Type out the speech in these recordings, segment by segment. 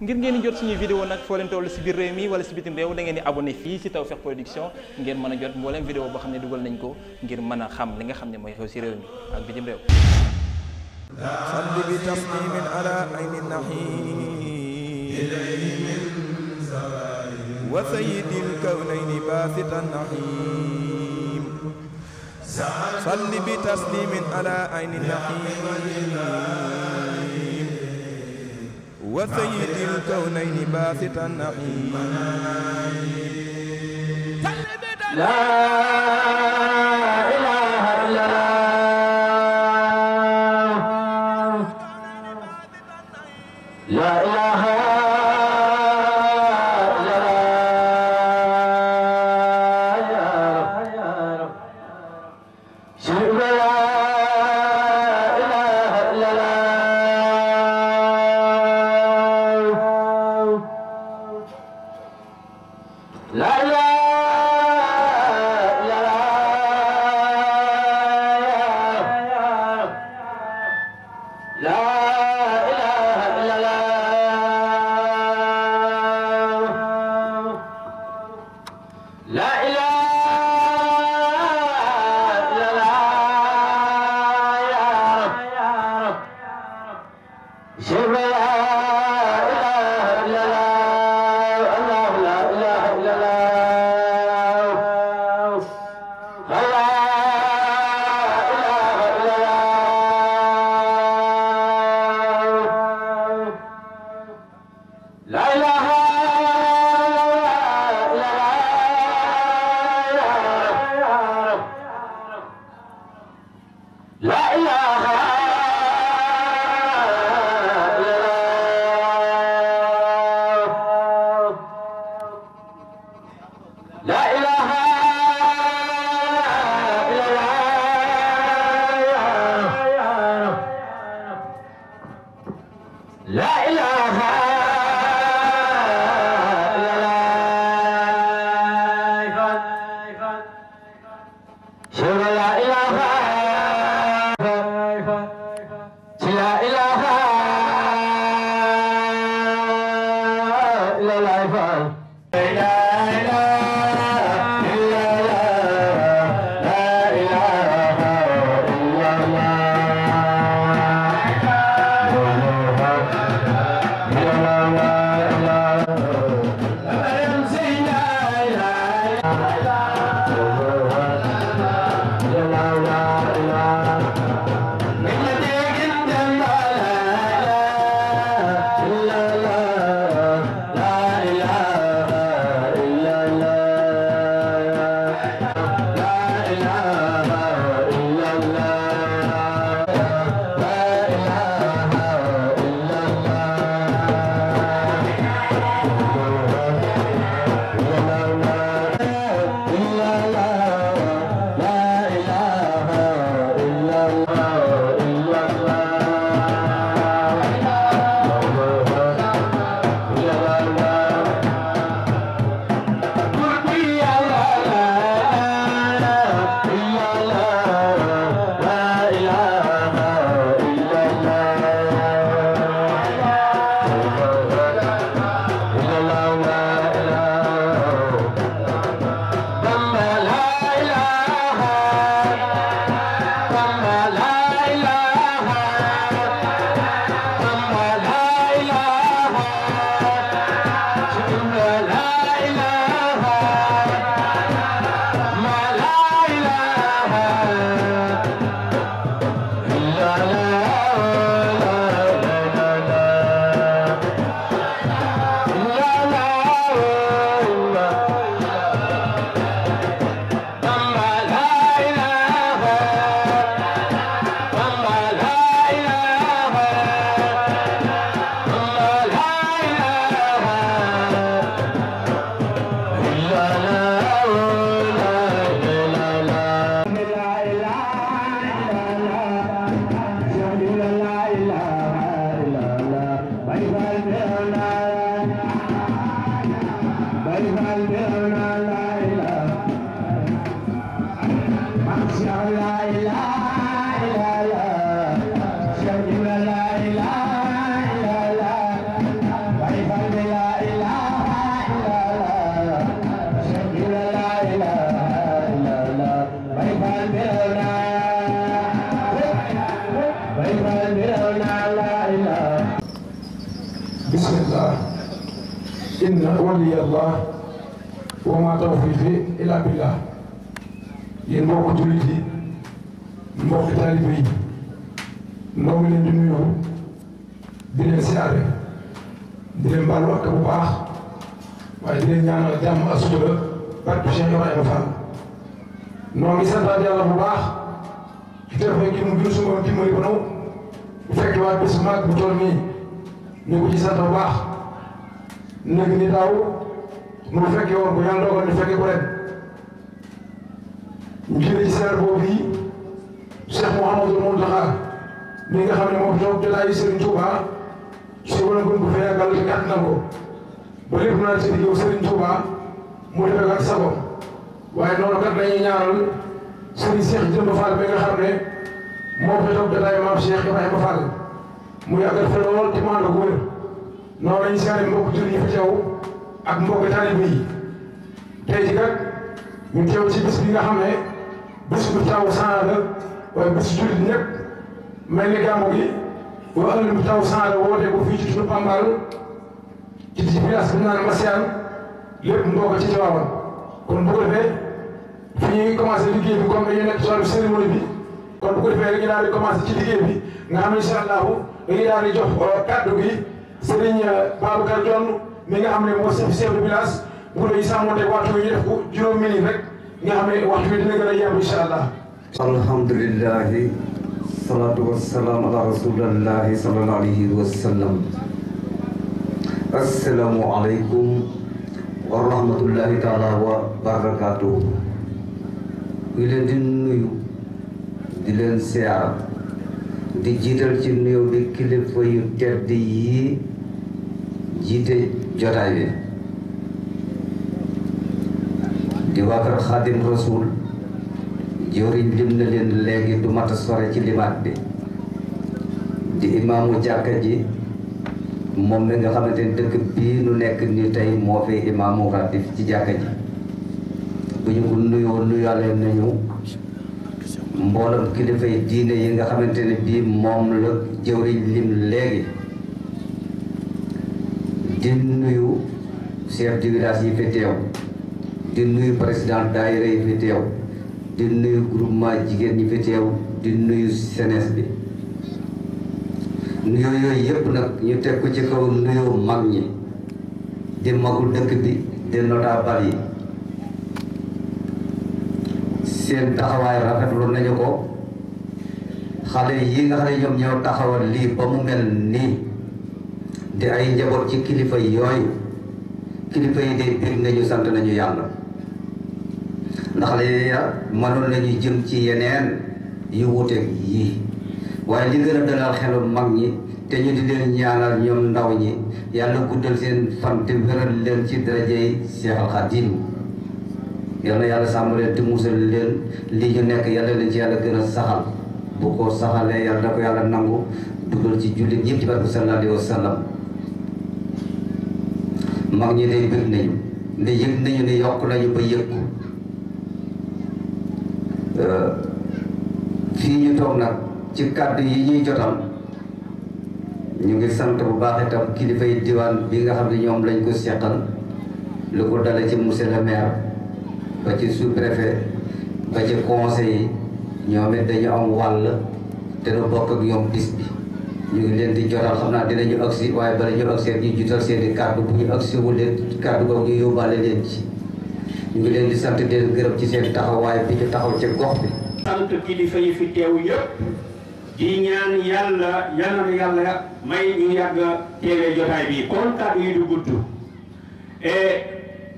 ngir ngeen di jot suñuy vidéo nag foo leen toll si biir réew mi wala si bitim réew da ngeen di abonné fii si Tawfekh Production ngeen mën a jot mbooleem vidéo boo xam ne dugal nañ ko ngir mën a xam li nga xam ne mooy xew si réew mi ak bitim réew salli bi taslimin ala ayni nahi ilayhi min zawaid wa sayyidil kawnayni basitan bi taslimin ala wa sayyidil kawnayni baasitan na'iim بسم الله إن ولي الله وما توفيقي إلا بالله yéen mbokk jullit yi mbokk taalibe yi noo ngi leen di nuyu di leen siyaare di leen baalu ak bu baax waaye di leen ñaanal jàmm ak sutura barke Cheikh Ibrahima mu biir su ma dimbali ba naw fekk waa bés bu mag bu toll nii ñu ko ci sant bu baax nekk ni daaw mu fekkee woon ko yàlla dogal ni fekkee ñu jëlee seer boobu yi Cheikh Mouhamadou Mountakha mi nga xam ne moom toog jotaayu Serigne Touba su bu fee yàggal te gàtt na ko ba lépp naa ci yow Serigne Touba mu waaye noonu kat dañuy ñaanal Serigne Cheikh Jëmb Fall mi nga xam ne moo fi toog jotaayu maam Cheikh Ibrahima Fall mu yàggal fa lool te mu ànd ak wér noonu ñu seeree mbokku jur yi fi teew ak mbokku taalibe yi tey ji kat ñu teew bis bi nga xam ne. bis bu taw sang waaye bis jullit ñëpp mel ni gàmmu gi boo ëllëg bu taw sang la woote ko fii ci tund Pambal ci ci village bi naan Masiane lépp mbokk ci Tiwaawan kon bu ko defee fi ñuy commencé liggéey bi comme dañuy nekk ci wàllu cérémonie bi kon bu ko defee dañuy daal di commencé liggéey bi nga xam ne incha allahu dañuy daal jox euh, kàddu gi Serigne euh, Babacar Dione mi nga xam ne moo chef chef de village bu ko defee juróomi minute rek. nga xam ne waxtu bi dina gën a yem incha allah. alhamdulilahi salaatu wasalaam ala rasulillahi sallallahu alayhi wa sallam assalaamu aleykum wa rahmatullahi taala wa barakaatuhu ñu leen di nuyu di leen siyaar di jiital ci nuyoo bi kilifa yu tedd yi jiite jotaay bi di waa kër xaadim rasuul jëwriñ lim na leen léegi du mat a sore ci limaat bi di imaamu jàkka ji moom mi nga xamante ni dëkk bii nu nekk ni tey moo fi imaamu ratib ci jàkka ji bu ñu ko nuyoo nuyaale nañu mboolem kilifay diine yi nga xamante ne bii moom la jëwriñ lim léegi di nuyu chef de village yi fi teew di nuyu président daayira yi fi teew di nuyu groupement jigéen ñi fi teew di nuyu senes bi nuyu yooyu yëpp nag ñu teg ko ci kaw nuyu mag ñi di magul dëkk bi di notable yi seen taxawaay rafetlu nañu ko xale yi nga xam ne ñoom ñoo taxawal lii ba mu mel nii di ay njaboot ci kilifa yooyu kilifa yi de dégg nañu sant nañu yàlla ndax li mënoon nañu jëm ci yeneen yu wuteeg yii waaye li gën a dalal xelu mag ñi te ñu di leen ñaanal ñoom ndaw ñi yàlla guddal seen fan te wéral leen ci darajey Seex al Xaadim yal yàlla sàmm leen te musal leen li ñu nekk yàlla leen ci yàlla gën a saxal bu ko saxalee yàlla da yàlla nangu dugal ci jullit ñëpp ci barke sallallahu alayhi wa sallam mag ñi day bëgg nañu nda yëg nañu ne yokk nañu ba yëg fii ñu toog nag ci kàddu yi ñuy jotam ñu ngi sant bu baax itam kilifay diwaan bi nga xam ne ñoom lañ ko seqal lu ko dale ci monsieur le maire ba ci sous-préfet ba ci conseil ñoom it dañu am wàll te nu bokk ñoom bis bi ñu ngi leen di jotal xam naa dinañu agsi waaye bala ñu agsi ñu jutal seen i bu ñu agsi wu leen kàddu ñu yóbbaale leen ci ñu leen di sant di leen gërëm ci seen taxawaay bi ñu taxaw ci gox bi. sant kilifa yi fi teew yëpp di ñaan yàlla yàlla na yàlla may ñu yàgg teewee jotaay bi kontaan yi du gudd. E,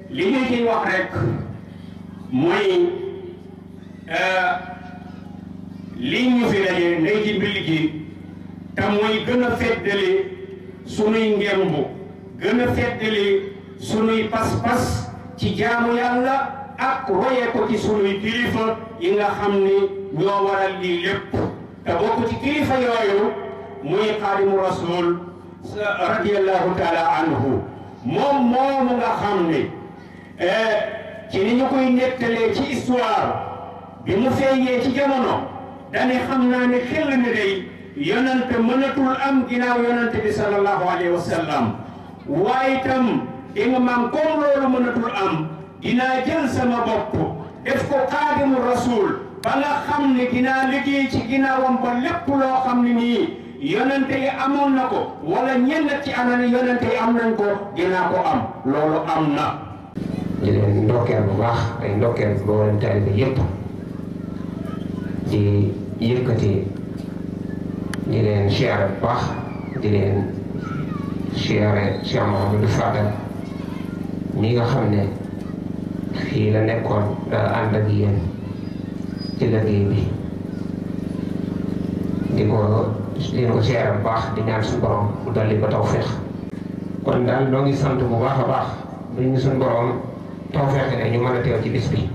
li ñu ciy wax rek mooy e, li ñu fi daje ndey ci mbir gi te mooy gën a feddali sunuy ngemb gën a feddali sunuy pas-pas. ci jaamu yàlla ak royee ko ci sunuy kilifa yi nga xam ni ñoo waral lii lépp te bokk ci kilifa yooyu muy xaadimu rasul radiyallahu taala anhu moom moomu nga xam ni eh, ci ni ñu koy nettalee ci histoire bi mu feeñee ci jamono dane xam naa ne xel na day yonante mënatul am ginnaaw yonante bi sallallahu alayhi wa sallam waaye di nga maam loolu mënatul am dinaa jël sama bopp def ko xaadimu rasul ba nga xam ne dinaa liggéey ci ginnaawam ba lépp loo xam ne nii yonente yi amoon na ko wala ñenn ci anam am nañ ko dinaa ko am loolu am na. di leen ndokkeel bu baax ay ndokkeel booleen taalibe yépp di yëkkati di leen siyaare bu baax di leen siyaare Cheikh Mouhamadou Fadal ñi nga xam ne fii la nekkoon daa ànd ak yéen ci liggéey bi di ko di ko seeral baax di ñaan suñu borom mu dolli ko tawféex kon daal noo ngi sant bu baax a baax bi ñu suñu borom tawféex ne ñu mën a teew ci bis bi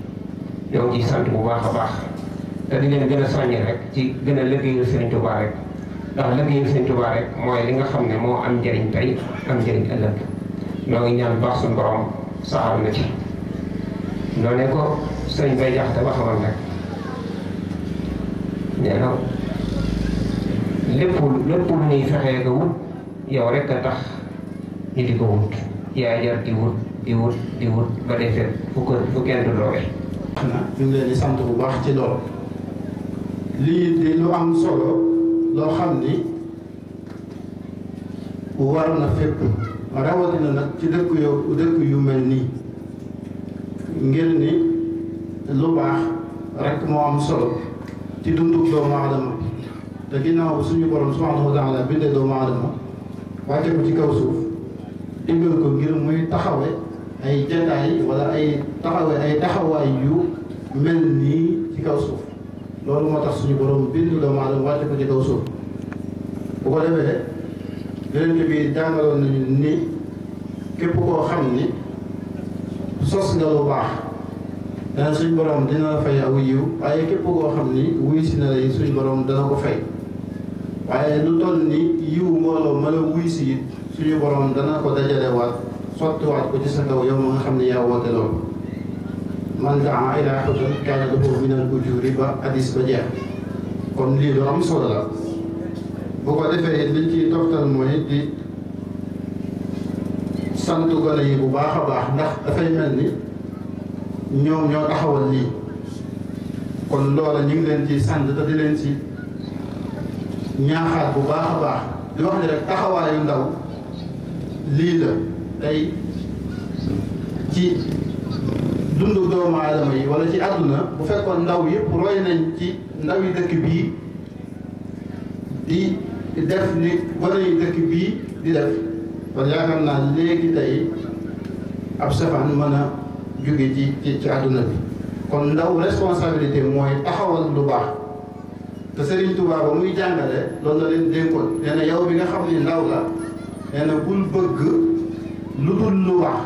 ñoo ngi sant bu baax a baax te di leen gën a soññ rek ci gën a liggéeyal Sëriñ Tuubaa rek ndax liggéeyal Sëriñ Tuubaa rek mooy li nga xam ne moo am njëriñ tey am njëriñ ëllëg noo ngi ñaan baax suñu borom saxal na ci noonu ne ko sëñ bay jaxte ba xamal rek nee na lépp lépp lu fexee ko wut yow rek a tax ñu di ko wut yaa jar di wut di wut di wut ba defee fu ko fu kenn du doogee sant bu baax ci lool lii di lu am solo loo xam ni war na fépp rawatina nag ci dëkk yu dëkk yu mel nii ngir ni lu baax rek moo am solo ci dundu doomu aadama te ginnaaw suñu borom subhanahu wa taala bindee doomu aadama wàcce ko ci kaw suuf digal ko ngir muy taxawe ay jataay wala ay taxawe ay taxawaay yu mel nii ci kaw suuf loolu moo tax suñu borom bind doomu aadama wàcce ko ci kaw suuf bu ko defee yonent bi jàngaloon nañu ni képp koo xam ni sos nga lu baax dana suñ borom dina la fay aw yiw waaye képp koo xam ni wuy si na lay suñ borom dana ko fay waaye lu toll ni yiw mbooloo ma la wuy si suñu borom dana ko dajale dajalewaat sottiwaat ko ci sa kaw yow ma nga xam ne yaa woote loolu man daa ilaa hudan kaana lahu min al ujuri ba hadis ba jeex kon lii lu am solo la bu ko defee liñ ciy toftal mooy di sant gone yi bu baax a baax ndax dafay mel ni ñoom ñoo taxawal lii kon loola ñu ngi leen ci sant te di leen ci ñaaxaat bu baax a baax di wax ne rek taxawaayu ndaw lii la tey ci dundu doomu aadama yi wala ci àdduna bu fekkoon ndaw yëpp roy nañ ci yi dëkk bii di di def ni gone yi dëkk bii di def kon yaakaar naa léegi tey ab safaan mën a jóge ci ci ci àdduna bi kon ndaw responsabilité mooy taxawal lu baax te Serigne Touba muy jàngale loolu la leen dénkoon nee na yow bi nga xam ni ndaw la nee na bul bëgg lu dul lu baax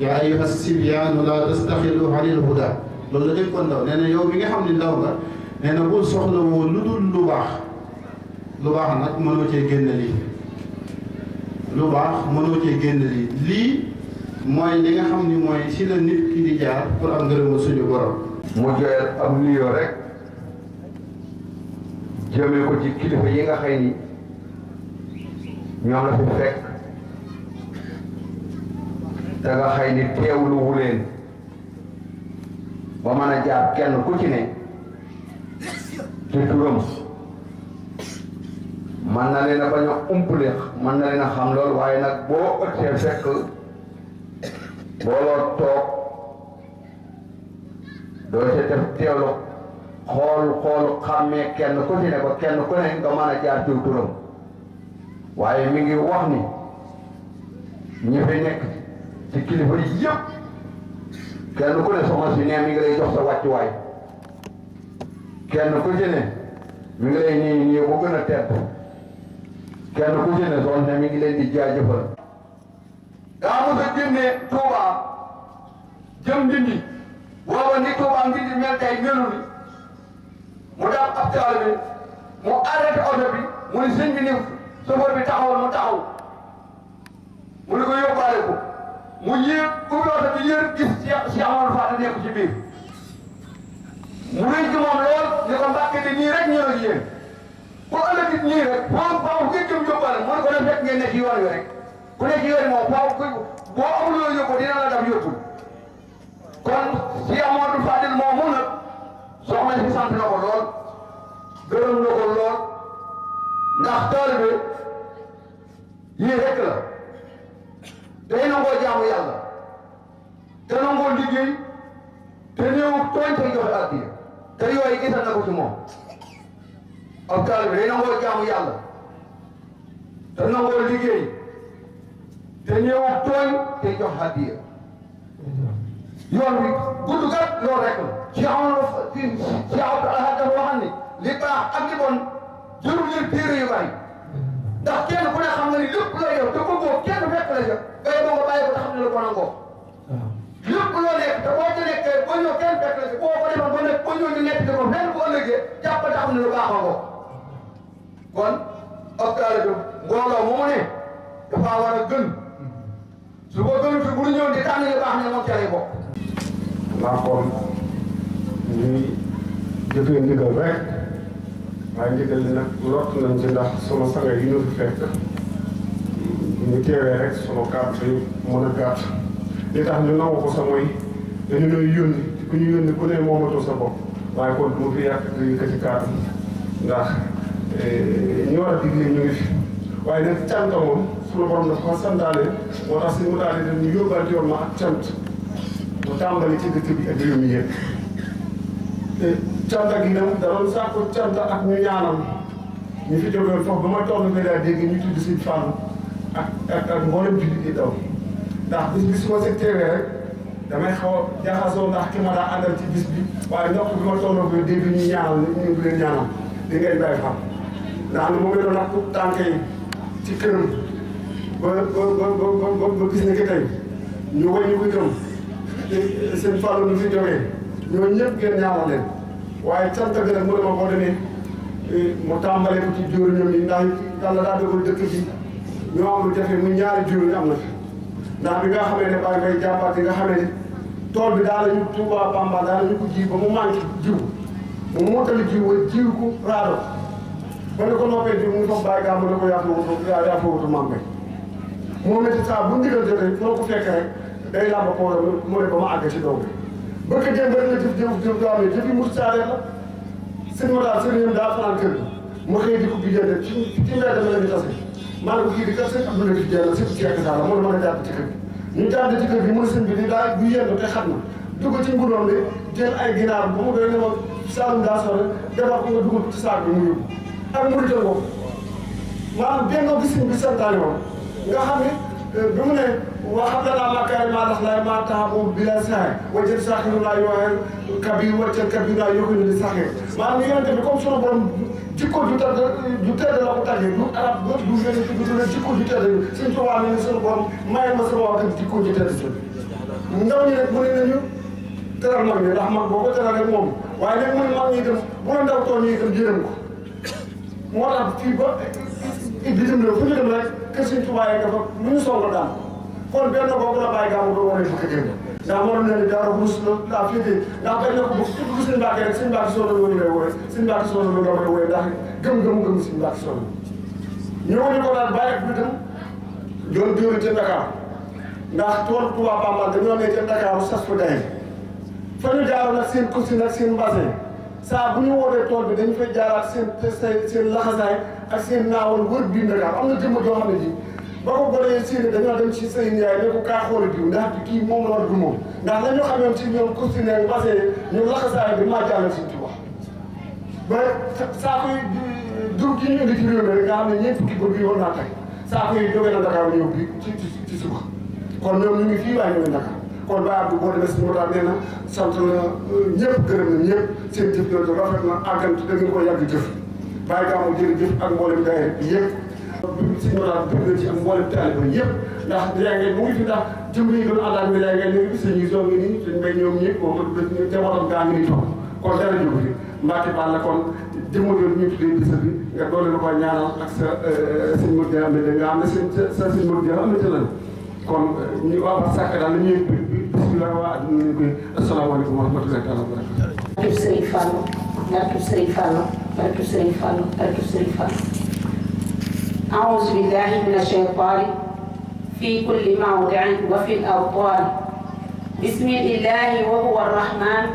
yaa ayyuha sibyaanu laa tastaxilu anil huda loolu la dénkoon ndaw nee na yow bi nga xam ni ndaw la nee na bul soxla woon lu dul lu baax lu baax nag mënoo cee génn lii lu baax mënoo cee génn lii lii mooy li nga xam ni mooy si la nit ki di jaar pour am ngërëma suñu borom. mu joyal am nuyoo rek jëmee ko ci kilifa yi nga xëy ni ñoom la fi fekk da nga ni teewlu wu leen ba mën a jaar kenn ku ci ne turam. man na leen a bañ man na leen a xam lool waaye nag boo ëttee fekk booloo toog doo ca def teelu xool xool xàmmee kenn ku ci ne ko kenn ku ne nga mën a jaar ci turam waaye mi ngi wax ni ñi fi nekk ci kilifa yëpp kenn ku ne soxna si ne mi ngi lay jox sa wàccuwaay kenn ku ci ne mi ngi lay nii nii bu gën a tedd kenn ku ci ne soxna mi leen di jaajëfal daa mos a génne Touba jëm ndindi ni Touba ndindi mel tey melul mu dam ab taal bi mu arrêté oto bi mu ni sëñ bi ni chauffeur bi taxawul mu taxaw mu ni ko yóbbaale ko mu yéeg ubbi oto bi yéeg gis Cheikh Amadou Fata nekk ci biir mu rëy ni ko mbàkke di nii rek ñëw ak ko ëllëg it ñii rek boo baaw bu ngeen jëm ko def rek ngeen nekk ci yoon ku nekk ci yoon boo amul yóbbu dina la def yóbbu kon si Amadou Fadil moom mu nag soxna si sant na ko lool gërëm na ko lool ndax tool la day nangoo jaamu yàlla te nangoo liggéey te néew tooñ te joxe addiya te yooyu gisal na ko ci moom. ab taal bi day nangoo jaamu yàlla te nangoo liggéey te ñëw tooñ te jox hadiya yoon bi gudd kat loolu rek la ci amoon ci ci abd alha dafa waxan ni li baax ak li bon jërul leen yu bari ndax kenn ku ne xam nga ni lépp la yow te bëggoo kenn fekk la yow te te boo ci nekkee ba kenn fekk la si ko defoon ba nekk ba ñëw ñu nekk di ko mel bu ëllëgee jàpp te xam ne lu baax a ngoo kon ab taalibe mbooloo mu mu ne dafa war a gën su ko gënu fi bu ñu ñëw di tànn li baax ne moom ca lay bokk. laa xool ñuy jëfee rek waaye ndigal li nag ci ndax sama sanga yi ñu fi fekk ñu teewee rek sama kàddu yi mën a gàtt li tax ñu nangu ko sa mooy dañu lay yónni ku ñu yónni ku ne moomatoo sa bopp waaye kon du ma fi yàq di yëkkati kàddu ndax. Eh, ñu war a digle ñu ngi fi waaye nag cant moom suñu borom dafa ko santaale moo tax suñu daal di ñu yóbbaale yoon ma ak cant mu tàmbali ci dëkk bi ak réew mi yëpp te cant gi nag da doon sàkku cant ak ñu ñaanam ñu fi jógee foofu ba ma toll ba daa dégg ñu tudd Sëñ Fallu ak ak ak mboolem jullit yi daw ndax bis bi su ma se teewee rek damay xaw a ki ma daa àndal ci bi waaye ndox bi ma toll ba dégg ñu ñaanal ñu ngi leen ñaanal di ngay bàyyi xam. ndax moom la a wax pour tànk yi ci këram ba ba ba ba gis ne que tey ñu wàññi ko itam te seen fàllu bi fi jógee ñooñu ñëpp ngeen ñaanal waaye cant bi nag mu dama boo demee eh, mu tàmbalee ci jóor ñoom yi ndax yàlla daa dogal dëkk bi ñoo ñaari jóor am na fi ndax bi nga xamee ne bàyyi koy jàppaat nga xamee ne tool bi daal la ñu Tuubaa Bamba daal la ñu ko ji ba mu manqué jiw ba mu mottali jiw wa jiw ko raado ko noo koy jiw mu ngi toog bàyyi gaa mu ne ko yaa ma wutu ma wutu ko fekk rek day làmb pooram mu ne ba ma àgg ci doom bi bëgg jéem bëri na jëf jëf jëf saa la ma daal sëñ yëpp daa fanaan kër gi mu xëy di ko bijjante ci ci la ñu tase a jàpp ci kër mu ne sëñ ni daa bu mu doy ne ma Saalum daa sore defar ko nga dugal ci saak mu yóbbu ak murit la boobu maanaam benn gis bi santaane woon nga xam ne euh, bi mu ne wax xam naa ma kaay maa tax laay maa tax moom bi la saay wajël saaxi nu naa yooxe kabir wajël kabir naa yokku ñu di saaxee maanaam yonente bi comme sunu borom jikko ju tedd ju tedd la ko tàggee du arab du yonente bi du ju tedd suñ tuwaa ne ne sunu borom may ma sama wax jikko ju tedd ndaw ñi nag mu ne nañu teral mag ñi ndax mag boo ko teral rek moom waaye ne mag ñi itam bu la ndaw too ñu itam moo i fii ba bitim réew fu ñu dem rek kër Sëriñ Tuubaa yi dafa mu ñu soog a daan kon benn boobu la bàyyi gàmmu ba wane fukki jëm ndax waroon na ne dara ruus la la féetee ndax benn ko bu bu Sëriñ Mbàkke rek Sëriñ Mbàkke soxla loolu ngay wooye Sëriñ Mbàkke soxla loolu nga mën a wooye ndax gëm-gëm gëm Sëriñ Mbàkke soxla ñëw ñu ko daan bàyyi ak bitim doon jóori ca Dakar ndax tool Tuubaa Bamba dañoo ne ca Dakar sas fa day fa ñu jaaroon nag seen costume seen mbasin saa bu ñu wootee tool bi dañu fay jaaraat seen seen seen laxasaay ak seen naawal wër biir Ndakaar am na jëmm joo xam ne ji ba ko goree séené dañoo dem ci sëñ Ndiaye ne ko a xool diw ndax bi kii moom la war du moom ndax la ñu xamoon ci ñoom costume ak basé ñu laxasaay bi maa jàll si wax ba saako yi jur gi ñu indi ci réew mi rek nga xam ne ñeent fukki bëgg yoon naa tey saako yi jógee na Dakar ñëw bi ci ci suba kon ñoom ñu ngi fii waaye ñu ngi Dakar kon ba abdu boo demee na sant na euh, ñëpp gërëm na ñëpp seen jëf jooju rafet na àggante da ngeen ko yàgg jëf bàyyi gaamu jërëjëf ak mboolem daayira bi yëpp suñu motaar bëgg na ci ak mboolem taaliba yëpp ndax yaa ngeen mu ngi fi ndax jëm yi doon àndaan bi yaa ngeen ñu nga ak sa euh, sëñ Modou Dieng am na nga xam ne seen na ci lan euh, la waa adduna ne koy asalaamaaleykum wa rahmatullahi taala wa barakatu barkeb sëriñ Fallou barkeb sëriñ Fallou barkeb sëriñ Fallou barkeb sëriñ Fallou أعوذ بالله من الشيطان في كل موضع وفي الأوطان بسم الله وهو الرحمن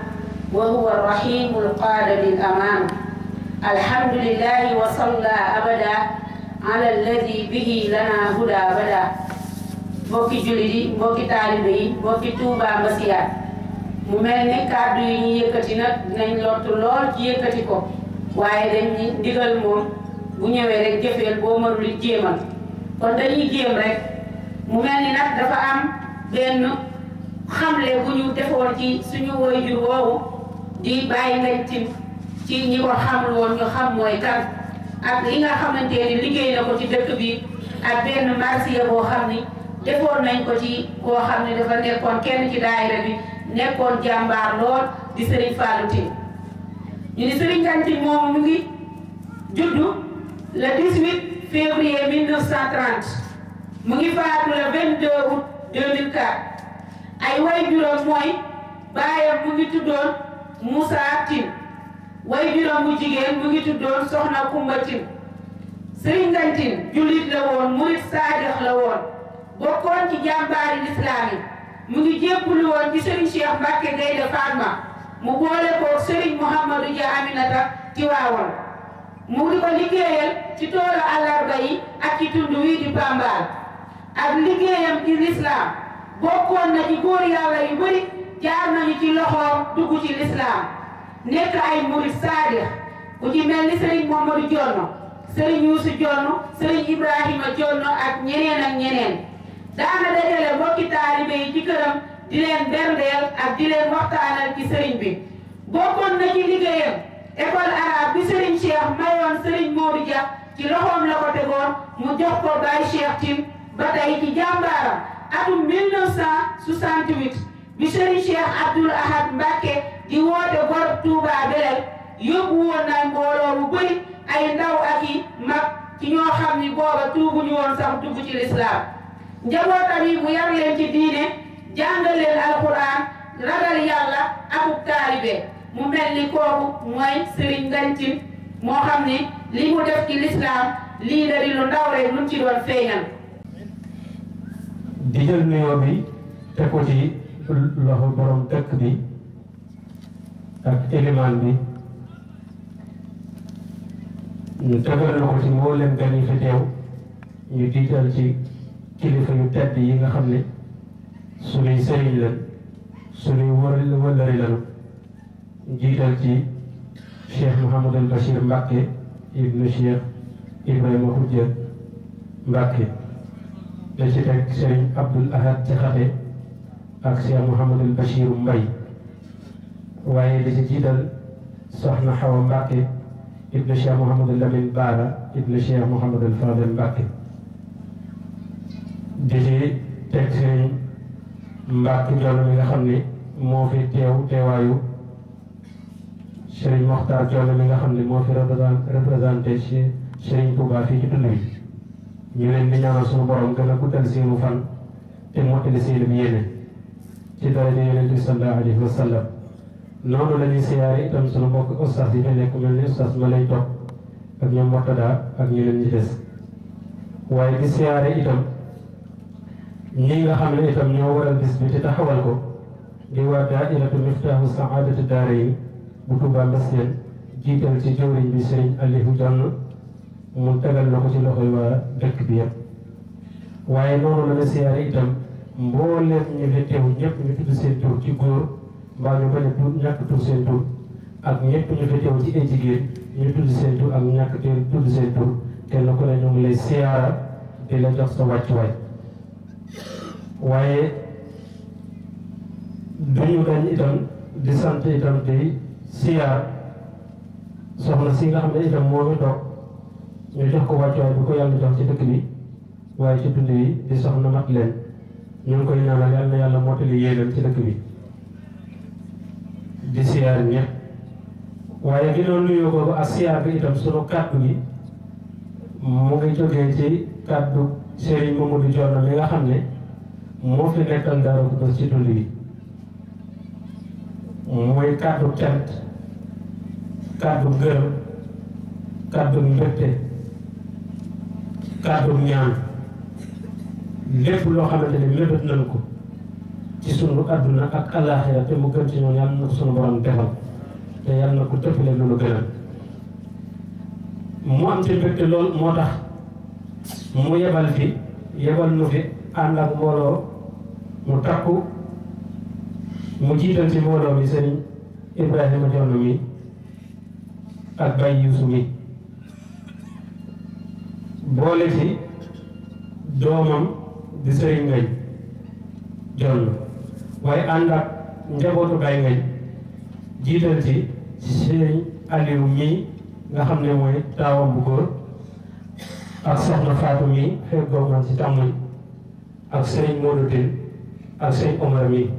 وهو الرحيم القادر للأمان الحمد لله وصلى أبدا على الذي به لنا هدى بدا mbokki jullit yi mbokki taalibe yi mbokki Touba Mbasiyaan mu mel ni kàddu yi ñu yëkkati nag dinañ lottu lool ci yëkkati ko waaye dañ ndigal moom bu ñëwee rek jëfeel boo mënul jéemal kon dañuy jéem rek mu mel ni nag dafa am benn xamle bu ñu defoon ci suñu waajur woowu di bàyyi ngañ tim ci ñi ko xamul woon ñu xam mooy kan ak li nga xamante ni liggéey na ko ci dëkk bi ak benn marsiya boo xam ni defoon nañ ko ci koo xam ne dafa nekkoon kenn ci daayira bi nekkoon jàmbaar lool di Serigne Fallou Tine ñu ni Serigne Kane Tine mu ngi juddu le 18 cent 1930 mu ngi faatu le 22 août 2004 ay way juróom mooy baayam mu ngi tuddoon Moussa Tine way juróom bu jigéen mu ngi tuddoon Soxna Kumba Tine Serigne Kane Tine jullit la woon murit saadix la woon bokkoon ci jàmbaari lislaam mu ngi jébbulu woon ci sëriñ Cheikh Mbacke Gaynde mu boole koog sëriñ Mouhamadou Dia Aminata ci waawal mu di ko liggéeyal ci toolu àllarba yi ak ci tund wii di Pambal ak liggéeyam ci lislaam bokkoon na ci góor yàlla yu bëri jaar nañu ci loxoom dugg ci lislaam nekk ay murid saadix ku ci mel sëriñ Mamadou Jonno sëriñ Youssou Jonno sëriñ Ibrahima Jonno ak ñeneen ak ñeneen daana dajale mbokki taalibe yi ci këram di leen berndeel ak di leen waxtaanal ci sëriñ bi bokkoon na ci liggéeyam école bi sëriñ Cheikh mayoon sëriñ Modou Dia ci loxoom la ko tegoon mu jox ko Baye Cheikh Tim ba tey ci jàmbaaram atum 1968 bi sëriñ Cheikh Abdoul Ahad Mbacké di woote gor Touba Belel yóbbu woon na mbooloo bu bëri ay ndaw ak i mag ci ñoo xam ni booba tuubuñu woon sax dugg ci lislaam njabootam yi mu yar leen ci diine jàngal leen alquran ragal yàlla akub taalibe mu mel ni kooku mooy Serigne Ngagne Tine moo xam ne li mu def ci lislaam lii da di lu ndaw rek lu ci doon feeñal. di jël nuyoo bi teg ko ci loxo borom dëkk bi ak élément bi ñu tegal ko ci mboolem gan yi fi teew ñu diital ci. kilifa yu tedd yi nga xam ne suñuy sëriñ lan suñuy wër wëllëri lanu jiital ci cheikh Mouhamadul Bachir Mbacke ibnu cheikh Ibrahima Khoudia Mbacke da ci teg sëriñ Abdoul Ahad Jaxate ak cheikh Mouhamadul Bachir Mbay waaye da ci jiital soxna Xawa Mbacke ibnu cheikh Mouhamadul Lamine Baara ibnu cheikh Mouhamadul Fadel Mbacke di ci teg sëriñ Mbàkke Jonn mi nga xam ni moo fi teew teewaayu sëriñ Moxtaar Jonn mi nga xam ni moo fi représenté si sëriñ Touba fii ci tund bi ñu leen di ñaanal suñu borom gën a guddal fan te mottali seenub yéene ci daraja yonent bi sallallahu alayhi wa noonu la siyaare itam suñu mbokk ustaas yi fi nekk mel ni ustaas ma lay topp ak ñoom Mortada ak ñu leen ñi des waaye di siyaare itam lii nga xam ne itam ñoo waral bis bi te taxawal ko di waa daairatu miftaahu saadati daara yi bu Tuubaa Mbaseen jiital ci jëwriñ bi sëriñ Aliou Jonn mu tegal na ko ci loxoy waa dëkk bi yëpp waaye noonu la na siyaare itam mbooleem ñu fi teew ñu tudd seen tur ci góor mbaa ñu bañ a tudd ñàkk tudd seen tur ak ñëpp ñu fi ci ay ñu tudd seen tur ak ñàkk tudd seen tur kenn ku ne ñu lay siyaara di la jox sa wàccuwaay waaye duñu gañ itam di sant itam di siyaar soxna si nga xam ne itam moo fi toog ñu jox ko wàccuwaay bu ko yàlla jox ci dëkk bi waaye ci dund yi di soxna mat leen ñu ngi koy ñaanal yàlla moo yàlla mottali yéenam ci dëkk bi di siyaar ñëpp waaye di doon nuyoo boobu ak siyaar bi itam sunu gi mu ngi jógee ci kàddu Serigne Mamadou Dior mi nga xam ne moo fi nekkal Daaru Xudoos ci dund yi mooy kàddu cant kàddu gërëm kàddu mbégte kàddu ñaan lépp loo xamante ne mébét nañ ko ci sunu adduna ak àllaaxira te mu gën ci ñoom yàlla na ko borom defal te yàlla na ko tëppale lu lu gënal mu am ci mbégte lool moo tax mu yebal fi yebal nu fi ànd ak mbooloo mu takku mu jiital ci mbooloo mi sëriñ Ibrahima Jonn mi ak Baye Yuusu mi boole ci doomam di sëriñ Ngañ Jonn waaye ànd ak njabootu Baye Ngañ jiital ci sëriñ Aliou mi nga xam ne mooy taawam bu góor ak soxna Faatu mi fekk goman ci tàmmuñ ak sëriñ Modou Tine ak sëñ Omar mi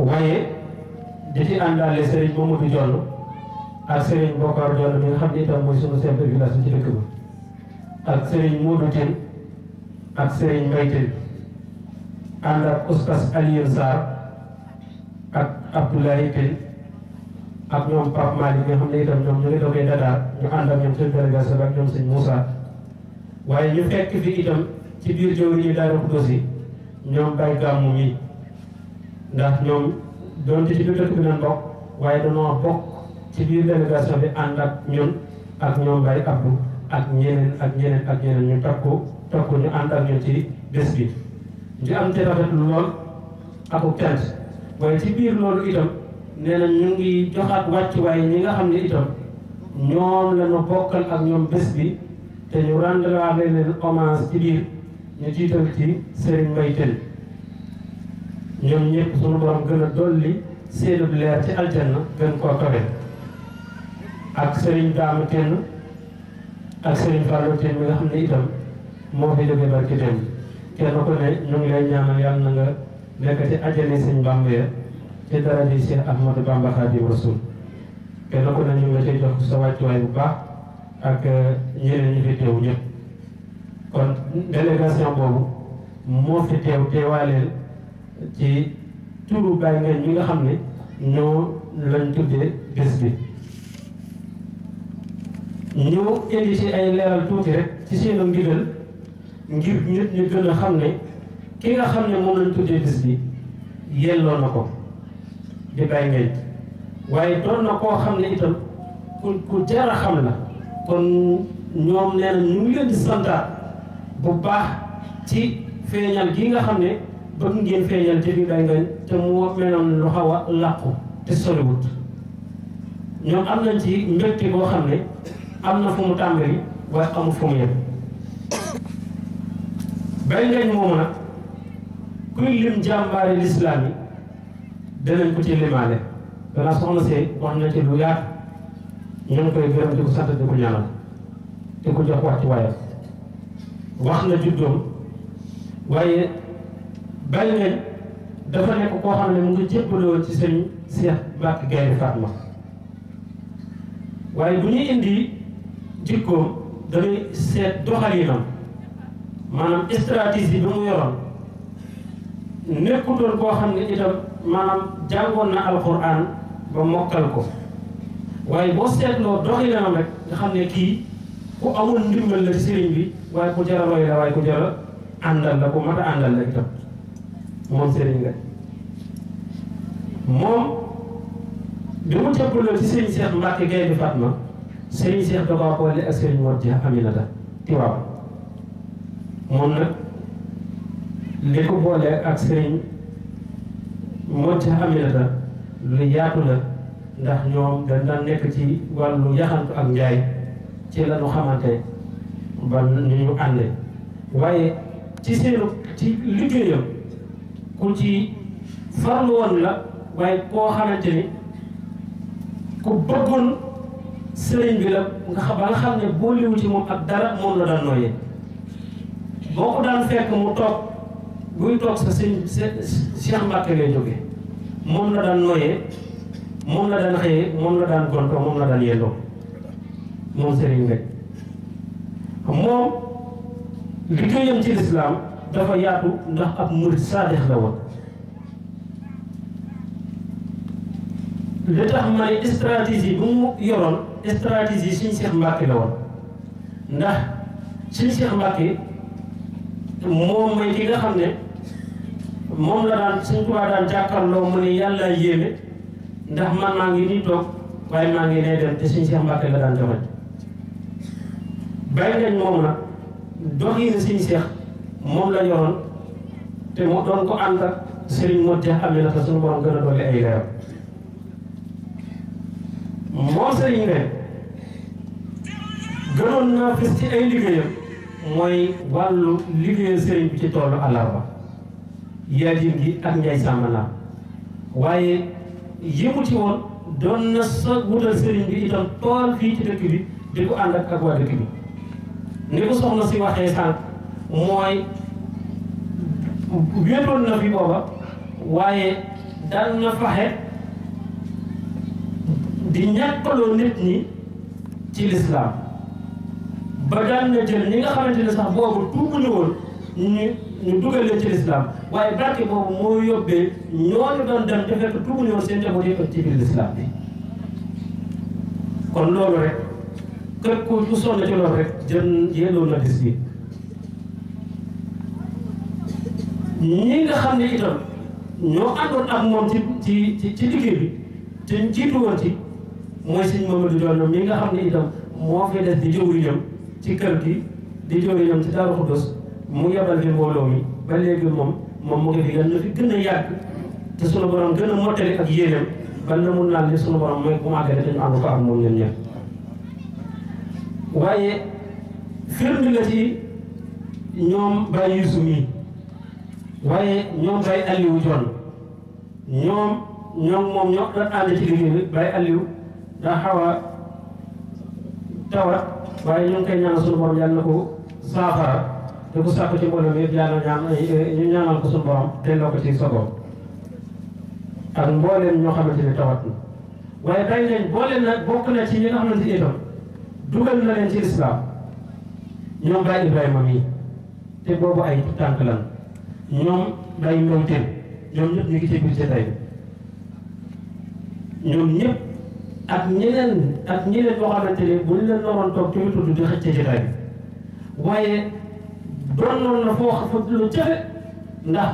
waaye di ci àndaale sëriñ Mamadou Dione ak sëriñ Bokar Dione mi nga xam ne itam mooy sunu chef de ci dëkk ba ak sëriñ Modou Tine ak sëriñ Mbaye Tine ànd ak oustaz Alioune Sarr ak Abdoulaye Tine ak ñoom Pape Malick nga xam ne itam ñoom ñu ngi doogee Dakar ñu ànd ak ñoom seen délégation waaye ñu fekk fi itam ci biir jëwriñu Daaru Xudoos yi ñoom bay gàmmu yi ndax ñoom doonte ci biir dëkk bi nañ bokk waaye dañoo bokk ci biir délégation bi ànd ak ñun ak ñoom bay abdu ak ñeneen ak ñeneen ak ñeneen ñu takku takku ñu ànd ak ñun ci bés bi ñu am te rafet lu lool akub tent waaye ci biir loolu itam nee na ñu ngi joxaat wàcc waaye ñi ne itam ñoom la ñu bokkal ak ñoom bés bi te ñu rendre leen hommage ci biir ñu jiital ci sëriñ Mbay Tël ñoom ñëpp suñu borom gën a dolli seenub leer ci aljanna gën koo tobe ak sëriñ Daama Tël ak sëriñ Fallou Tël mi nga xam ne itam moo fi jóge barki dem kenn ku ne ñu ngi lay ñaanal yàlla na nga nekk ci ajjani sëñ Bàmba ya ci dara ji Cheikh Ahmadou Bamba Xaadimu Rasuul kenn ku ne ñu ngi la jox sa wàccuwaay bu baax ak eh, ñeneen ñi fi kon délégation boobu moo fi teew teewaaleel ci turu Baye Ngagne mi nga xam ne ñoo lañ tuddee bés bi ñu indi ci ay leeral tuuti rek ci seenu ndigal ngir nit ñu gën a xam ne ki nga xam ne moom lañ tuddee bés bi yelloo na ko di Baye Ngagne waaye doon na koo xam ne itam ku ku jar a xam la kon ñoom nee ñu ngi leen di bu baax ci feeñal gi nga xam ne bëgg ngeen feeñal te du day ngañ te mu meloon lu xaw làqu te soriwut ñoom am nañ ci mbégte boo xam ne am na fu mu tàmbali waaye amul fu mu yem bay ngañ moomu nag kuy lim jàmbaari lislaam yi danañ ko ci limaale danaa soxna see wax na ci lu yaatu ñu ngi koy gërëm di ko sant di ko ñaanal di ko jox wàcc waayam wax na juddoom waaye bàyyi ngeen dafa ko koo xam ne mu ngi jébbaloo ci sëñ Seex Mbàkke Gaynde Fatma waaye bu ñuy indi jikkoom dañuy seet doxalinam maanaam stratégie bi mu yoroon nekkutoon koo xam ne itam maanaam jàngoon na alxuraan ba mokkal ko waaye boo seetloo doxalinam rek nga xam ne kii ku amul ndimbal la ci bi waaye ku jar a roy la waaye ku jar a àndal la ku mat a àndal la itam moom sëriñ la moom bi mu jàppaloo ci sëriñ Seex Mbàkke Gaye bi Fatma sëriñ Seex da koo ak sëriñ moom nag li lu yaatu la ndax ñoom dañ nekk ci wàllu yaxantu ak njaay ci la ñu xamante ba ñu ñu àndee waaye ci seenu ci liggéeyam ku ci farlu woon la waaye koo xamante ni ku bëggoon sëriñ bi la nga xam ba nga xam ne boo liwu ci moom ak dara moom la daan nooyee boo daan fekk mu toog sa sëñ Cheikh moom la daan nooyee moom la daan xëyee moom la daan gontoo moom la daan yendoo moom Serigne Ngagne moom liggéeyam ci lislaam dafa yaatu ndax ab murid saadix la woon li tax ma ne stratégie yoroon stratégie suñ Seex Mbàkke la woon ndax suñ Seex Mbàkke moom mooy ki nga xam ne moom la daan suñ Tuubaa daan jàkkarloo mu ne yàlla yéeme ndax man maa ngi nii toog waaye maa ngi nee dem te suñ Seex Mbàkke la daan joxe bàyyi dañ moom nag doxin siñ seex moom la yoroon te mu doon ko ànd ak sëriñ moo teex aminata suñu borom gën a dolli ay leer moom sëriñ ne gënoon naa fës ci ay liggéeyam mooy wàllu liggéeyal sëriñ bi ci toolu àllarba yaadim gi ak njaay sàmmanaam waaye yëmu ci woon doon na sa wutal sëriñ bi itam tool fii ci dëkk bi di ko ànd ak waa dëkk bi ni ko soxna si waxee sànq mooy wéetoon na fi booba waaye daan na fexe di ñàkkaloo nit ñi ci lislaam ba daan na jël ñi nga xamante ne sax boobu tuubuñu woon ñu ñu dugalee ci lislaam waaye barke boobu moo yóbbee ñooñu doon dem te fekk tuubuñu woon seen njaboot yëpp ci biir kon loolu rek képp ku ku sonn ci loolu rek jën yelloo na bis bi ñi nga xam ne itam ñoo àndoon ak moom ci ci ci liggéey bi te ñu jiitu woon ci mooy sëñ Mamadou Dione mi nga xam ne itam moo fi des di jëwriñam ci kër gi di jëwriñam ci Daaru Xuddos mu yebal fi mbooloo mi ba léegi moom moom mu ngi fi na fi gën a yàgg te sunu borom gën a mottali ak yéenam ban na mun naan ne sunu borom mooy bu mu àggale dañu ànd ko ak moom ñun ñëpp waaye firnde la ci ñoom Baye Youssou waaye ñoom Baye Aliou Dione ñoom ñoom moom ñoo doon ànd ci liggéey bi Baye daa xaw a tawat waaye ñu ngi koy ñaanal suñu borom yàlla na ko saafara te bu sàkk ci mbooloo mi yàlla ñaan ñu ñaanal ko suñu borom te loo ko ci soboom ak mbooleem ñoo xamante ni tawat na waaye bàyyi nañ boole na bokk na ci ñi nga xamante ni itam dugal la leen ci lislaam ñoom Baay Ibrahima yi te boobu ay tànk lan ñoom Baay Mbaye Tine ñoom ñëpp ñu ngi ci biir jotaay bi ñoom ñëpp ak ñeneen ak ñeneen boo xamante ne bu ñu leen waroon toog ci lu tudd bi waaye doonoon na foo xam fa lu jafe ndax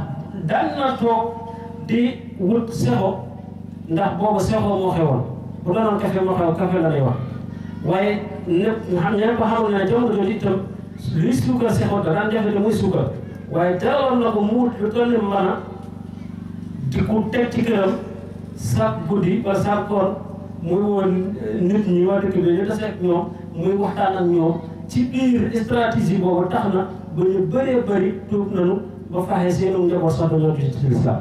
daan na toog di wut sexo ndax boobu sexo moo xewoon bu doonoon kafe moo xew kafe la lay wax. waaye ñëpp ña ko xamoon ne jamono jooju itam luy suukar seexoon da daan jafe te muy suukar waaye jaraloon na ko mu lu toll ni mën a di ku teg ci këram saab guddi ba saab koor muy woon eh, nit ñi waa dëkk bi ñu tase ak ñoom muy waxtaan ak ñoom ci biir stratégie boobu tax na ba ñu bëree bëri tuub nañu ba faxee seenu njaboot sax dañoo tudd ci lislaam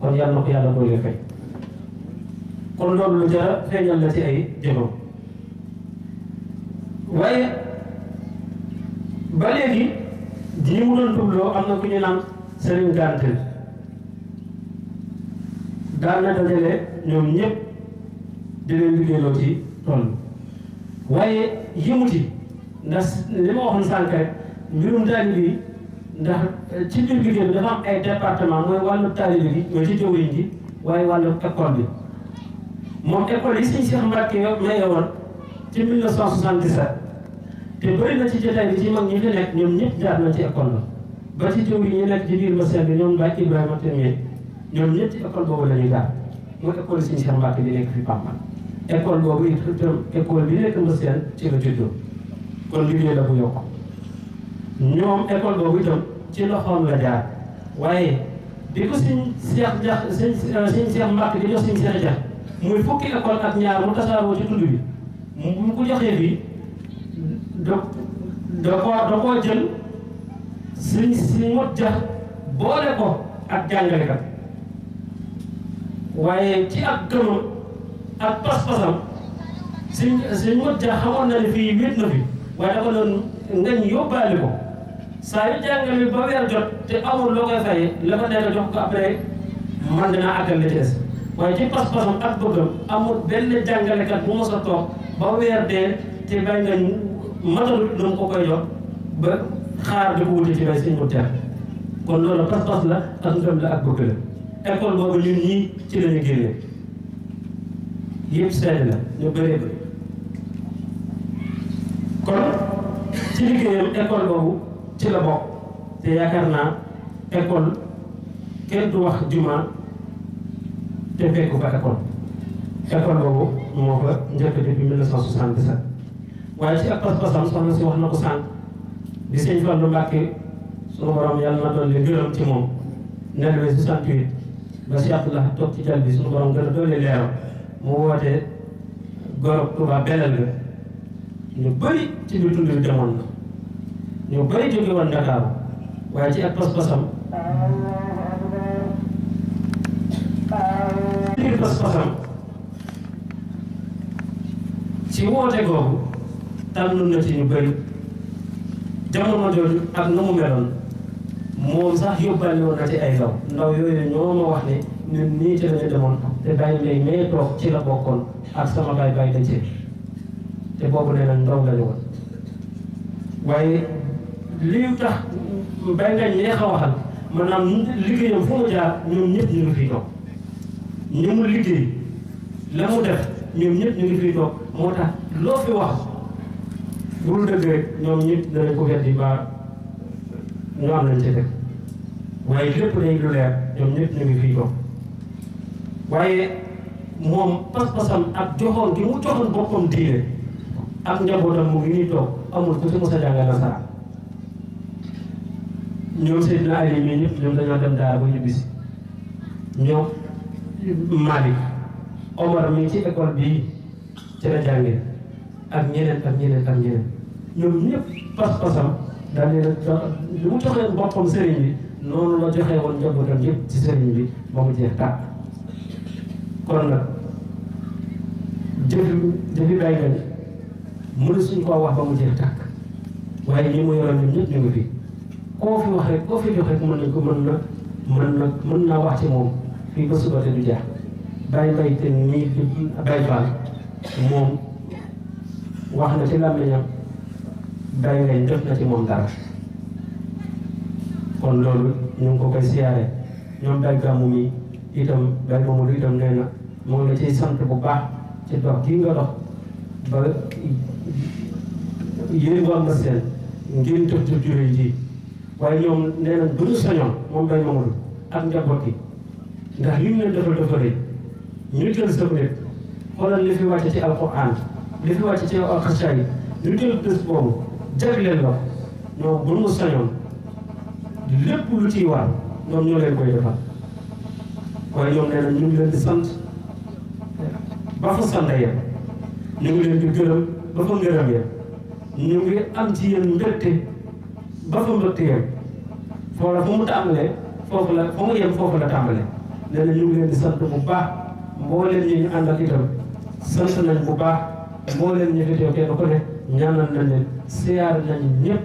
kon yàlla na ko yàlla booy fay kon loolu lu jara feeñal la ci ay jëfam waaye ba léegi jii mu doon am na ku ñu naan Serigne Gantel daan na dajale ñoom ñëpp di leen liggéeyloo ci tool waaye yëmuti ndax li ma waxoon sànq mbirum taalibe ndax ci biir liggéey bi dafa am ay mooy wàllu taalibe bi mooy ci waaye wàllu école bi moom école yi suñ si xam mbàkke yow maye woon ci 1977 te bëri na ci jotaay bi ci mag ñi fi nekk ñoom ñëpp jaar nañ ci école la ba ci jiw yi ñu nekk ci biir monsieur bi ñoom Baye Ibrahima Témé ñoom ñëpp ci école boobu la ñuy jaar mooy école Serigne Cheikh Mbacké bi nekk fi Pamba école boobu itam école bi nekk ci la juddoo kon liggéey la bu yokk ñoom école boobu itam ci loxoom la jaar waaye di ko Serigne Cheikh Jax Serigne Cheikh Mbacké di jox Serigne Cheikh Jax muy fukki école ak ñaar mu tasaaroo ci tund bi mu mu ko joxee bi da da koo da koo jël suñ suñ mot jax boole ko ak jàngalekat waaye ci ak gëmam ak pas-pasam suñ suñ mot jax xamoon na ne fii wéet na fi waaye dafa doon ngañ yóbbaale ko saa yu jàngale ba weer jot te amul loo koy fayee la ko nekk jox ko après man dinaa àggal la waaye ci pas-pasam ak bëggam amul benn jàngalekat bu mos toog ba weer dee te bañ nañu matalut lu ko koy jox ba xaar di ko wuti ci bay suñ mu teer kon loolu pas-pas la ak ngëm la ak bëgg la école boobu ñun ñii ci lañu génnee yëpp seede la ñu bëree bëri kon ci liggéeyam école boobu ci la bokk te yaakaar naa école kenn du wax juma te fekku fa école école boobu moo fa njëkk depuis 1977. waaye ci ak pas-pasam soxna si wax na ko sànq di sëñ Fallu Mbàkke sunu borom yàlla na dolli gërëm ci moom. nelwee 68 ba si Abdoulaye toog ci jal bi sunu borom gën a dolli mu woote gorob Tuubaa belal nga ñu bëri ci biir tund bi demoon na ñu bëri jóge woon Dakar waaye ci ak pas-pasam. ci biir ci woote googu tànn na ci ñu bëri jamono jooju ak nu mu meloon moom sax yóbbaale woon na ci ay ndaw ndaw yooyu ñoo ma wax ne ñun nii ci lañu demoon te bàyyi mbay mee toog ci la bokkoon ak sama baay baay dëcce te boobu nee na ndaw lañu woon waaye lii tax bay ngañ neex a waxal maanaam liggéeyam fu mu jaar ñoom ñëpp ñu ngi fiy liggéey la mu def ñoom ñëpp ñu ngi fiy moo tax loo fi wax bul dëgg rek ñoom ñit la ko weddi ba ñu am nañ ci dëgg waaye lépp day lu leer ñoom ñëpp ñu ngi fii moom pas-pasam ak joxoon gi mu joxoon boppam diine ak njabootam mu ngi nii toog amul ku ci na a jàngal nasaraan ñoom Seydina Ali mii ñëpp ñoom dañoo dem daara ba ñu bis ñoom Malick Omar mii ci école bii ci la jàngee ak ñeneen ak ñeneen ak ñeneen ñoom ñëpp pas-pasam daal leen lu mu joxee boppam sëriñ bi noonu la joxee woon njabootam yëpp ci sëriñ bi ba mu jeex tàkk kon nag jëfi jëfi bàyyi nañ mënu suñ koo wax ba mu jeex tàkk waaye ñi mu yoroon ñoom ñëpp ñu fi koo fi wax rek koo fi jox rek mën nañ ko mën na mën na mën naa wax ci moom fii ba suba te du jeex bàyyi bàyyi te nii bàyyi baal moom wax na ci la day nañ jot na ci moom dara kon loolu ñu ngi ko koy siyaare ñoom day gàmmu mi itam day moomu lu itam nee na mu ngi la ciy sant bu baax ci dox gi nga dox ba yéen waa Mbasséne ngeen tëb tëb ji waaye ñoom nee nañ bu ñu sañoon moom day moomu ak njaboot gi ndax li mu leen defal dafa rëy xoolal li fi wàcce ci alquran li fi wàcce ci alxasaa yi ñu jël bés boobu jagleel la ñoo bu mu sañoon lépp lu ciy waar ñoom ñoo leen koy defal waaye ñoom nee na ñu ngi leen di sant ba fa sant yéen ñu ngi leen di gërëm ba fa ngërëm yéen ñu ngi am ci yéen mbégte ba fa mbégte yéen foofu fu mu tàmbalee foofu la fu mu yem foofu la tàmbalee nee na ñu ngi leen di sant bu baax mbooleen ñi ñu àndal itam sant nañ bu baax mbooleem ñu fi teew kenn ku ne ñaanal nañ leen siyaar nañ ñëpp